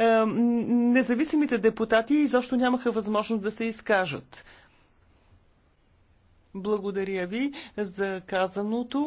Е, независимите депутати изобщо нямаха възможност да се изкажат. Благодаря ви за казаното.